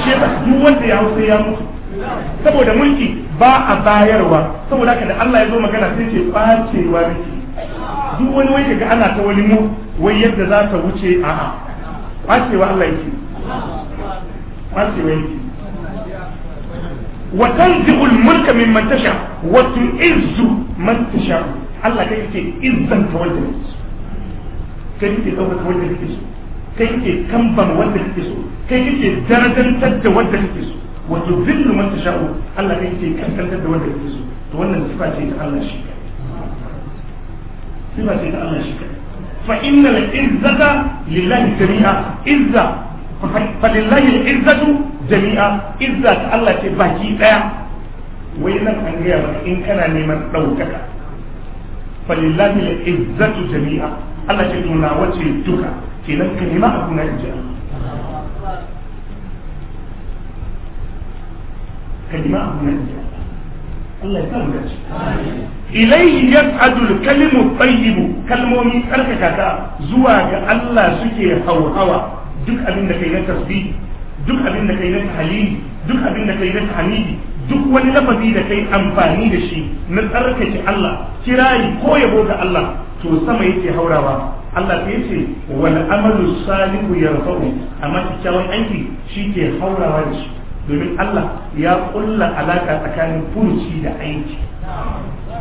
shi ba duk wanda ya hausa ya mutu saboda mulki ba a bayarwa saboda haka da Allah ya zo magana sai ce bacewa miki duk wani wai ga ana ta wani mu wai yadda za ta wuce a a bacewa Allah yake bacewa yake wa tanzihul mulka man tasha wa tu'izzu man tasha Allah kai yake izzan ta wanda yake kai yake daukar wanda yake so kai yake kamban wanda yake so kai yake darajantar da wanda yake so wa tudhillu man tasha'u Allah kai ke kankantar da wanda yake so to wannan sifa ce ta Allah shi kai sifa ce ta Allah shi kai fa innal izzata lillahi jami'a izza fa lillahi izzatu jami'a izza ta Allah ce baki daya wai nan an gaya ba in kana neman daukaka fa lillahi izzatu jami'a Allah ce to na wace duka kenan ka nema abu na inji Allah كلمة الله يسلم إليه يبعد الكلم الطيب كلمومي أركك زواج الله سكي هو هو duk abinda da kai na tasbih duk abin da kai na tahlili duk abin da kai na hamidi duk wani lafazi da kai amfani da shi na tsarkake Allah kirayi ko yabo ga Allah to sama yake haurawa Allah ta yace wal amalu salihu yarfa'u amma kyakkyawan aiki shi ke haurawa da shi domin Allah ya kulla alaka tsakanin furuci da aiki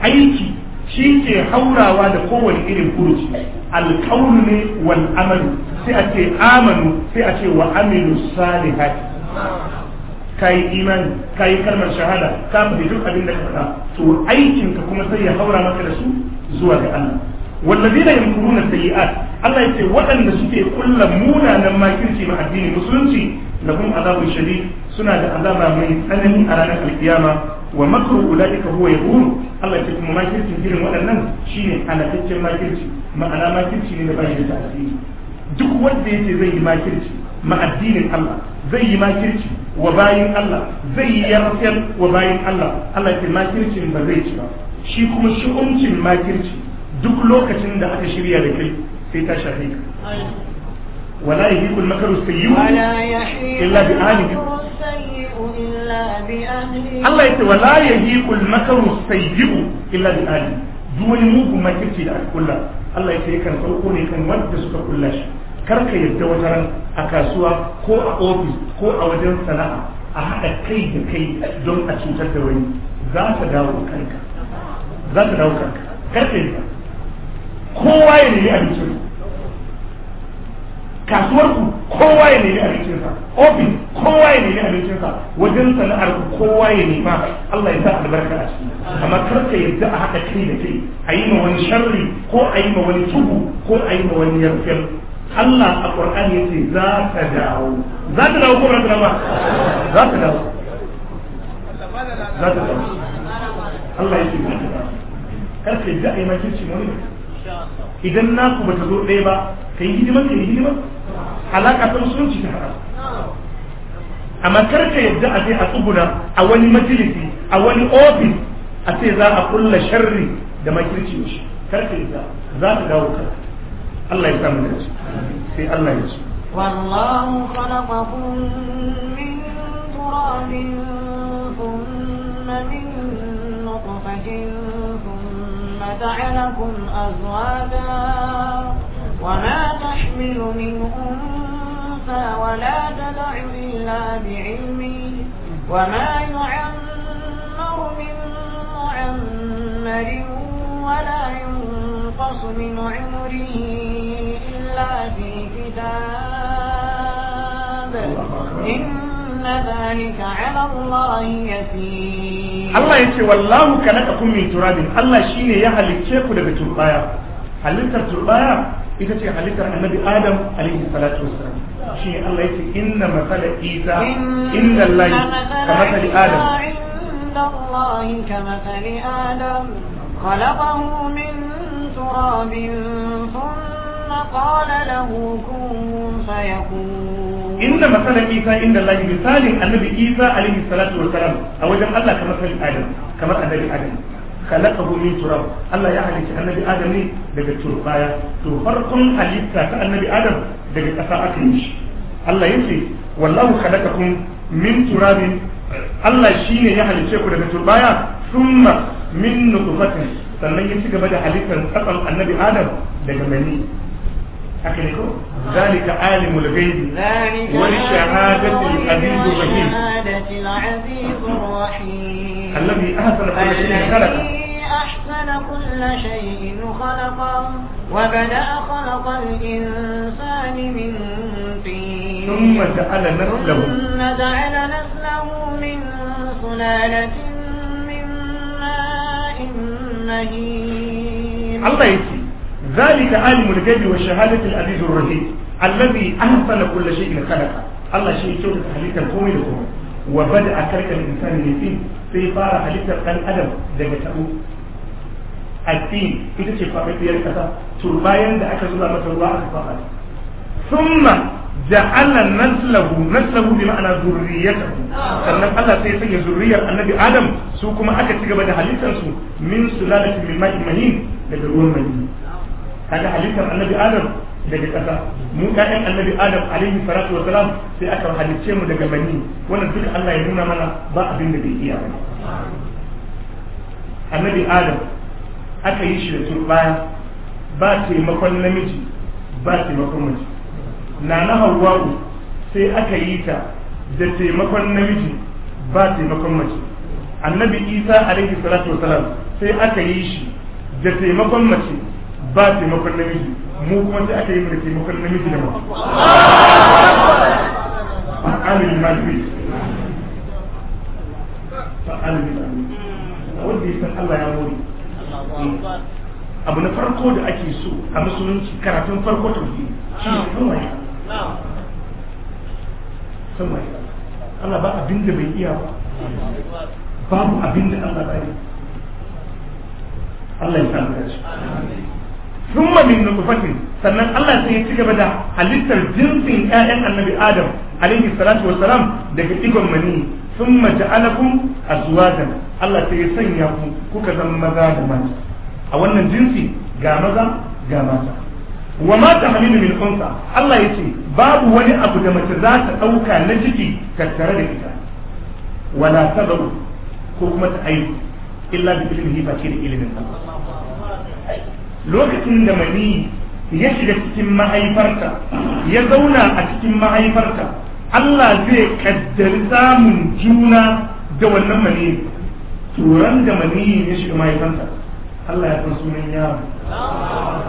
aiki shi ke haurawa da kowane irin furuci alkaunu ne wal amalu sai a ce amanu sai a ce wa amilu salihati kai imani kai kalmar shahada ka fi duk abin da ka faɗa to aikin ka kuma sai ya haura maka da su zuwa ga Allah wallazina yankuruna sayi'at Allah ce waɗanda suke kulla munanan makirci ma addini musulunci lahum azabun shadid suna da alama mai tsanani a ranar alkiyama wa makru ka huwa yahun Allah ya kuma makircin irin waɗannan shine alakaccen makirci ma'ana makirci ne da bashi da tasiri duk wanda ce zai yi makirci ma addinin Allah zai yi makirci wa bayin Allah zai yi yarfiyar wa bayin Allah Allah ya makircin ba zai ci ba shi kuma shi'umcin makirci duk lokacin da aka shirya da kai sai ta shafe ka wala yahiqul makru sayyi'u illa bi Allah ya yake wala ya yahiqul makaru sayyi'u illa bi Ali, duk wani mugun makirci da aka kulla Allah yake kan sauko ne kan wanda suka kulla shi kar ka yadda wata ran a kasuwa ko a ofis ko a wajen sana'a a haɗa kai da kai don a cutar da wani za ta dawo kanka za ta dawo kanka kar ka yadda kowa ya nemi abincin kasuwar ku kowa ya nemi abincin sa ofis kowa ya nemi abincin sa wajen sana'ar ku kowa ya nema Allah ya sa albarka a ciki amma kar ka yadda a haka kai da kai a yi ma wani sharri ko a yi ma wani tubu ko a yi ma wani yarfiyar Allah a Qur'an ya ce za ka dawo za ka dawo ko ba ta dawo za ka dawo za ka dawo Allah ya ce za ta dawo kar ka yadda a yi makirci wani idan na kuma ta zo ɗaya ba ka yi hidimar ka yi hidimar alaƙa ta musulunci ta haɗa amma kar ka yadda a je a tsuguna a wani majalisi a wani ofis a ce za a kulla sharri da makirci shi, kar ka yadda za ka dawo ka Allah ya samu dace sai Allah ya ce wallahu khalaqakum min turabin thumma min nutfatin جعلكم أزواجا وما تحمل من أنثى ولا تدع إلا بعلمي وما يعمر من معمر ولا ينقص من عمره إلا في كتاب ذلك على الله wallahu الله يتي turabi كلكم من ya الله شيني daga turbaya halittar turbaya ita ce halittar annabi adam alaihi salatu wassalam shi Allah yake inna masala isa inna Allah kamathali adam inna Allah kamathali adam خلقه من تراب ثم قال له كن فيكون inda masalan isa inda Allah misalin annabi isa alaihi salatu wa salam a wajen Allah kamar sani adam kamar annabi adam khalaqahu min turab Allah ya halicci annabi adam ne daga turbaya to farkon halitta ta annabi adam daga kasa aka yi shi Allah yace wallahu khalaqakum min turabin Allah shine ya halicce ku daga turbaya thumma min nutfatin sannan ya ci gaba da halittar tsatsan annabi adam daga mani ذلك عالم الغيب والشهادة العزيز الرحيم الذي أحسن كل شيء خلقه أحسن كل شيء خلقه وبدأ خلق الإنسان من طين ثم جعل نسله ثم جعل نسله من سلالة من ماء مهين الله يسلم ذلك عالم الغيب والشهادة العزيز الرحيم الذي أحسن كل شيء خلقه الله شيء يشوف حليت القوم لكم وبدأ خلق الإنسان من الدين في فار حليت القلب أدم دقته الدين إذا شفت فقير كذا تربايا دعك الله مثل الله فقط ثم جعل نسله نسله بمعنى ذريته sannan Allah sai sanya zuriyar annabi Adam su kuma aka ci gaba da halittarsu min sulalatin min ma'in daga ruwan mani kaga halittar annabi adam daga ƙasa mu ƴaƴan annabi adam alaihi salatu wa salam sai aka halicce mu daga bani wannan duk Allah ya nuna mana ba abin da bai iya ba annabi adam aka yi shi da turbaya ba taimakon namiji ba taimakon mace na na hawwa'u sai aka yi ta da taimakon namiji ba taimakon mace annabi isa alaihi salatu wa salam sai aka yi shi da taimakon mace ba taimakon namiji mu kuma sai aka yi mana taimakon namiji da mace fa'alul malwi fa'alul malwi wanda ya san Allah ya mori abu na farko da ake so a musulunci karatun farko tauhidi shi ne kan waye san waye Allah ba abin da bai iya ba babu abin da Allah ba Allah ya san samu dace thumma min nutfatin sannan Allah sai ya ci gaba da halittar jinsin ƴaƴan annabi Adam alaihi salatu wassalam daga digon mani thumma ja'alakum azwajan Allah sai ya sanya ku kuka zama maza da mata a wannan jinsi ga maza ga mata wa ma ta hamilu min unsa Allah ya ce babu wani abu da mace za ta ɗauka na ciki tattare da ita wala tabu ko kuma ta aiki illa bi ilmihi ba ce da ilimin Allah lokacin da mani ya shiga cikin mahaifarta ya zauna a cikin mahaifarta Allah zai kaddari samun juna da wannan mani turan da mani ya shiga mahaifarta Allah ya san sunan yaro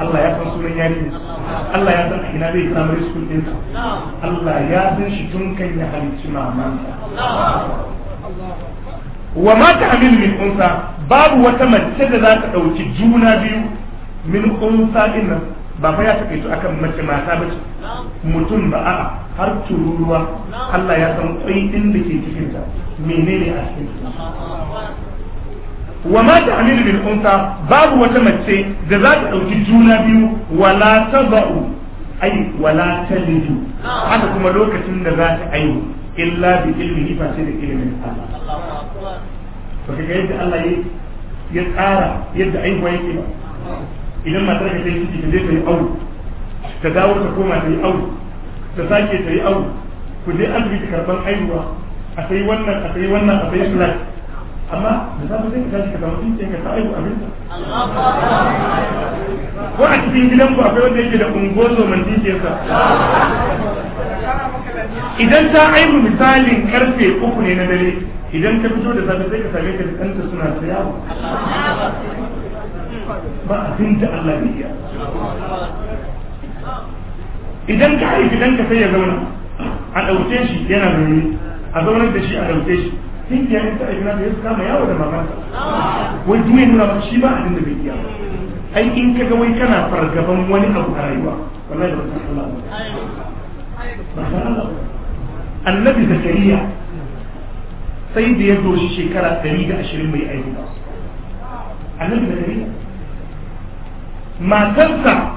Allah ya san sunan yari Allah ya san a ina zai samu riskun ɗinsa Allah ya san shi tun kan ya halicci mamansa wa ma ta min unsa babu wata mace da za ta ɗauki juna biyu min unsa din ba fa ya take to akan mace mata ba ce mutum ba a'a har tururuwa Allah ya san kwai din da ke cikin ta menene a cikin wa ma ta'milu bil unsa babu wata mace da za ta dauki juna biyu wala tabau ai wala talidu haka kuma lokacin da za ta aiwu illa bi ilmihi fa sai da ilmin Allah to kaga yadda Allah ya tsara yadda aiwa yake ba idan matar ka sai ciki ta je ta yi aure ta dawo ta koma ta yi aure ta sake ta yi aure ku je asibiti karban aiwa a sai wannan a sai wannan a sai sunan amma da za mu zai ka tashi ka zama cikin ka ta aiwa abin ko a cikin gidan ku akwai wanda yake da ungozo man dikiyarsa idan ta aihu misalin karfe uku ne na dare idan ka fito da safe sai ka same ka da ɗanta suna tsayawa ما أنت علمية إذا أنت عارف إذا أنت سيء زمان عن أوتيش ينا بني أزمان أنت شيء عن أوتيش هندي أنا أنت أجمع بيس كام يا ولد ما كان ودوين ولا بشيء ما عندنا بيجي أي إنك جوي كنا فرجة بموني أبو هريوة ولا يبغى الله ما الله النبي زكريا سيدي يبلغ الشيكارة تريد أشير مي أيضا النبي زكريا matarsa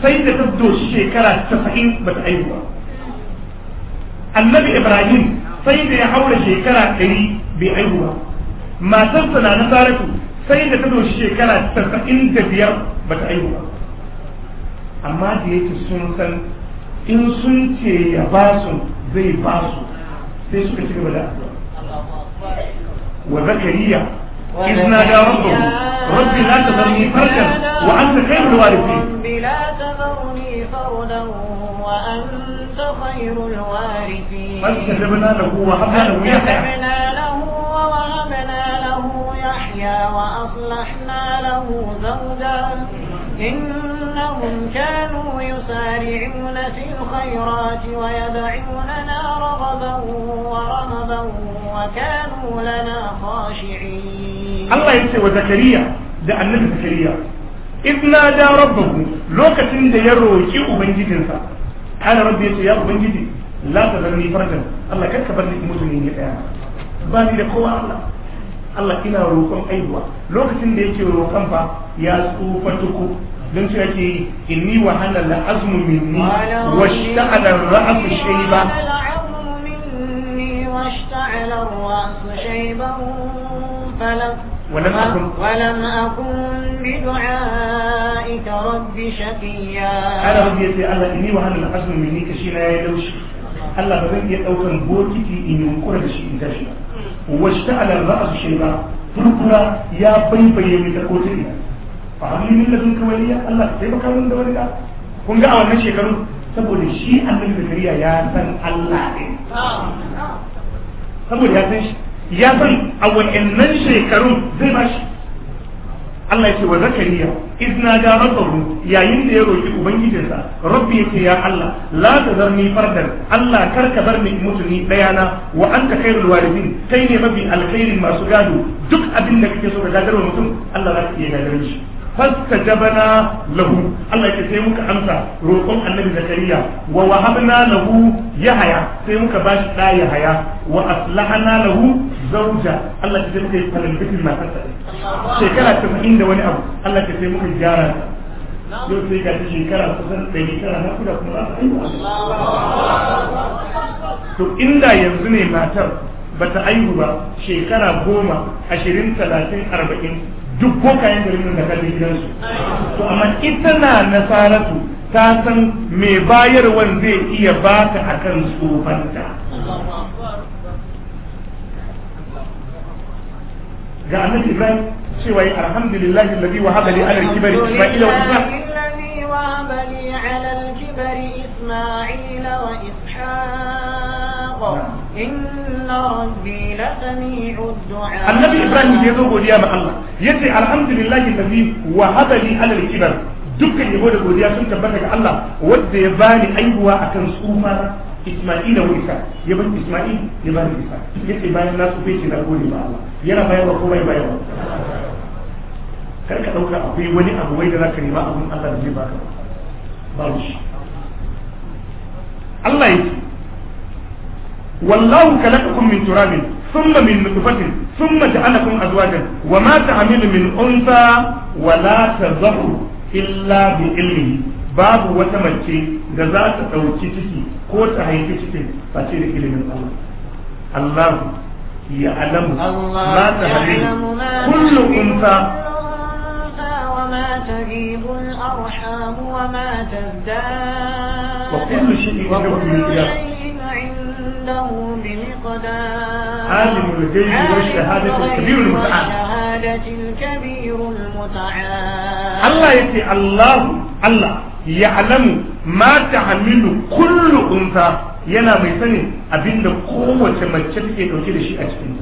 sai da ta doshi shekara tasa'in ba ta aihuwa annabi ibrahim sai da ya haura shekara ɗari bai aihuwa matarsa na nasaratu sai da ta doshi shekara tasa'in da biyar ba ta aihuwa amma da yake sun san in sun ce ya ba su zai ba su sai suka ci gaba da addu'a wa zakariya إذ نادى ربه رب لا تذرني فردا وأنت خير الوارثين لا تذرني فردا وأنت خير الوارثين فاستجبنا له وهبنا له يحيى ووهبنا له يحيى وأصلحنا له زوجا إنهم كانوا يسارعون في الخيرات ويدعوننا رغبا ورهبا وكانوا لنا خاشعين Allah ya ce wa zakariya da annabi zakariya idna da rabbahu lokacin da ya roki ubangijinsa kana rabbi ya ce ya ubangiji la ta zarni farjan Allah kar ka bar ni mutum ne daya ba ni da kowa Allah Allah ina roƙon aihuwa lokacin da yake roƙon fa ya tsufa tuku don cewa ke inni wa hana la azmu minni wa shta'ala ra'su shayba فلم ولم أكن ولم أكن بدعائك رب شقيا أنا ربي يتي الله إني وهن الحزم مني كشينا يا دوشي الله بزن يتوكل بوتي إن ينقر بشي إن تشي واشتعل الرأس شيبا فرقنا يا بين بين من تقوتنا فهمني من لدنك وليا الله سيبك من دولك kun ga a wannan shekaru saboda shi annabi zakariya ya san Allah ne saboda ya san shi ya san a wa'annan shekarun zai ba shi Allah ce wa zakariya izna ga rabbahu yayin da ya roki ubangijinsa rabbi yake ya Allah la ni fardan Allah kar ka bar ni ni daya na wa anta khairul warithin kai ne mafi alkhairin masu gado duk abin da kake so ka gadarwa mutum Allah za ka iya gadar shi فاستجبنا له Wa يكي سيمو كأمسا روكم النبي زكريا ووهبنا له يحيى سيمو كباش لا يحيى وأصلحنا lahu. zauja Allah ta muka yi talabijin na kasa shekara ta da wani abu Allah ta sai muka gyara yau sai ga shekara kusan ɗari tara na kuda kuma to inda yanzu ne matar ba ta aihu ba shekara goma ashirin talatin arba'in duk bokayen garin da kalli gidansu to amma ita na nasaratu ta san mai bayarwan zai iya baka akan tsofanta ga annabi Ibrahim cewa yi alhamdulillahi alladhi wahaba li ala al-kibari Isma'ila wa Ishaq annabi Ibrahim ya zo godiya ma Allah yace alhamdulillahi alladhi wahaba li ala al-kibari dukkan yabo da godiya sun tabbata ga Allah wanda ya bani aihuwa akan tsufa Isma'ila wa Isa ya bar Isma'il ya bar Isa yace bayan na su fice na gode ba Allah yana bayarwa ko bai bayarwa kar ka dauka akwai wani abu wai da zaka nema abun Allah da zai baka ba shi Allah yake wallahu min turabin babu wata mace da za ta ɗauki ciki ko ta haifi cikin face da ilimin Allah. Allah ya alamu za ta hari kullum kunsa wa kullum shi ne wanda wani yiya. عالم الجيش والشهادة الكبير المتعال الله يتي الله الله ya'lamu ma tahmilu kullu unsa yana mai sani abinda kowace mace take dauke da shi a cikin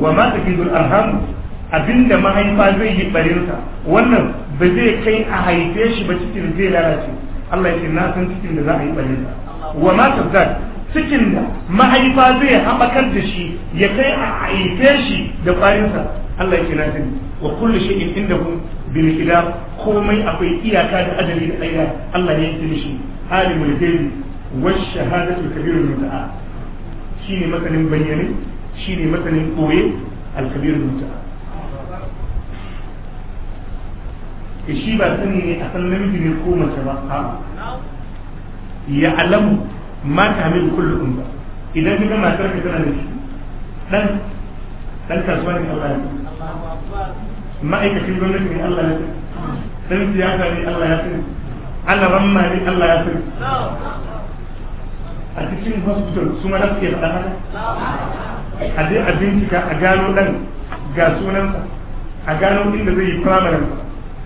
wa ma tafidul arham abinda mahaifa zai yi barinsa wannan ba zai kai a haife shi ba cikin zai lalace Allah ya ce na san cikin da za a yi barinsa wa ma tafzad cikin da mahaifa zai haɓakar da shi ya kai a haife shi da kwarinsa Allah ya ce na sani wa kullu shay'in indahu Bin bilkida komai akwai iyaka da ajali da tsaida Allah ya yi shi alimul gaibi wash shahadatul kabirul muta'a shine masanin bayyane shine masanin koye al kabirul muta'a e, shi ba sani ne a san namiji ne ko mace ba a ya alamu ma ta min kullum ba idan kika matar ka tana da shi dan dan kasuwa ne Allah ya ma'aikacin gwamnati ne Allah ya fi ɗan siyasa ne Allah ya fi ala ramma ne Allah ya fi a cikin hospital su ma da suke faɗa haka a je a bincika a gano ɗan ga sunansa a gano inda zai yi primary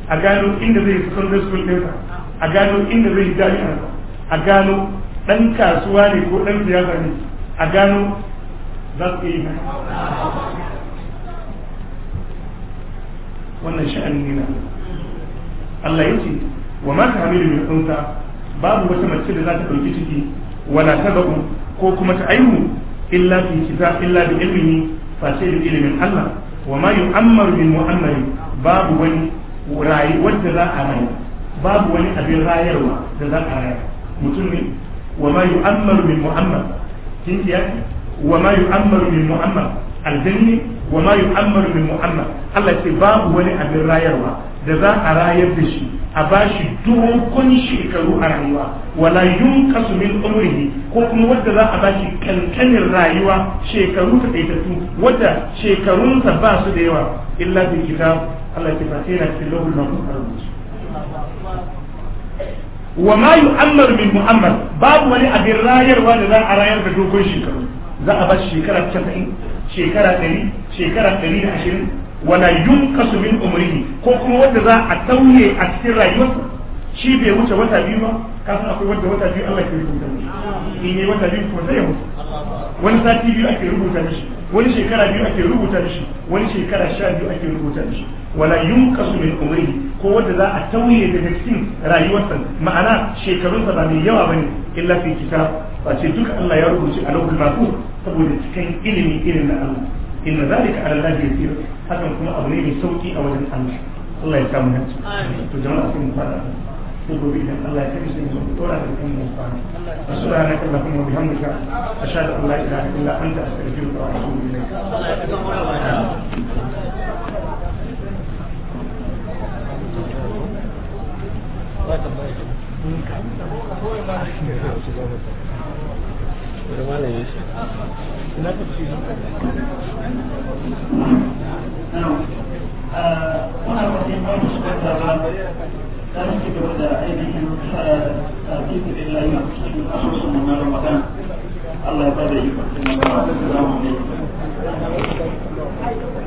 a gano inda zai yi secondary school ɗinsa a gano inda zai yi jami'ar a gano ɗan kasuwa ne ko ɗan siyasa ne a gano za su yi wannan sha'ani ne Allah ya ce wa ma min unsa babu wata mace da za ta ɗauki ciki wala ko kuma ta aihu illa fi kitab illa bi ilmihi fa sai da ilimin Allah wa ma yu'ammaru min mu'ammarin babu wani rayi wanda za a rayu babu wani abin rayarwa da za a mutum ne wa ma yu'ammaru min mu'ammar kin ya wa ma yu'ammaru min mu'ammar aljanni wa ma yu'ammaru Allah ce babu wani abin rayarwa da za a rayar da shi a bashi dogon shekaru a rayuwa wala yunqasu min umrihi ko kuma wadda za a bashi kankanin rayuwa shekaru ta daitatu wadda shekarunsa ba su da yawa illa bil Allah ce fa sai na cikin lahul mahfuz wa ma yu'ammar babu wani abin rayarwa da za a rayar da dogon shekaru za a ba shekara 90 shekara da ashirin wala yunqasu min umrihi ko kuma wanda za a tauye a cikin rayuwarsa shi bai wuce wata biyu ba kafin akwai wanda wata biyu Allah ke rubuta mishi in yi wata biyu kuma sai ya mutu wani sati biyu ake rubuta mishi wani shekara biyu ake rubuta mishi wani shekara sha biyu ake rubuta mishi wala yunqasu min umrihi ko wanda za a tauye daga cikin rayuwarsa ma'ana shekarunsa ba mai yawa ba ne illa fi kitab ba ce duka Allah ya rubuce a lokacin mafu saboda cikin ilimi irin na Allah إن ذلك على الله يسير حتى يكون أبنيه سوكي أو جن الله الله يسامح آمين تجمع في بإذن الله يكرمك من الكلمة الثانية الكون المستعان سبحانك لكم وبحمدك أشهد أن لا إله إلا أنت أستغفرك وأتوب إليك Thank you. Wani abu da ya shi kwanta ba, da ainihin fito a